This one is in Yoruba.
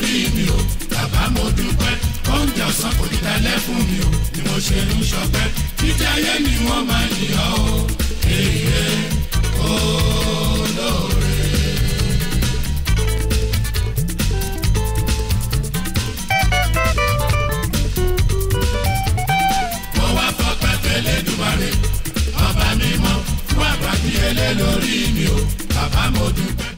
orí mi o bàbá dúpẹ́ oúnjẹ ọ̀sán kò ní mi o ni mo ṣe ń ṣọpẹ́ títí ayé ni wọ́n máa yìn ọ́ o èyẹ olóore. mo wá fọpẹ́ tẹ̀lé dùmarè ọba mímọ́ fún àgbà bíi ẹlẹ́ lórí mi o bàbá dúpẹ́.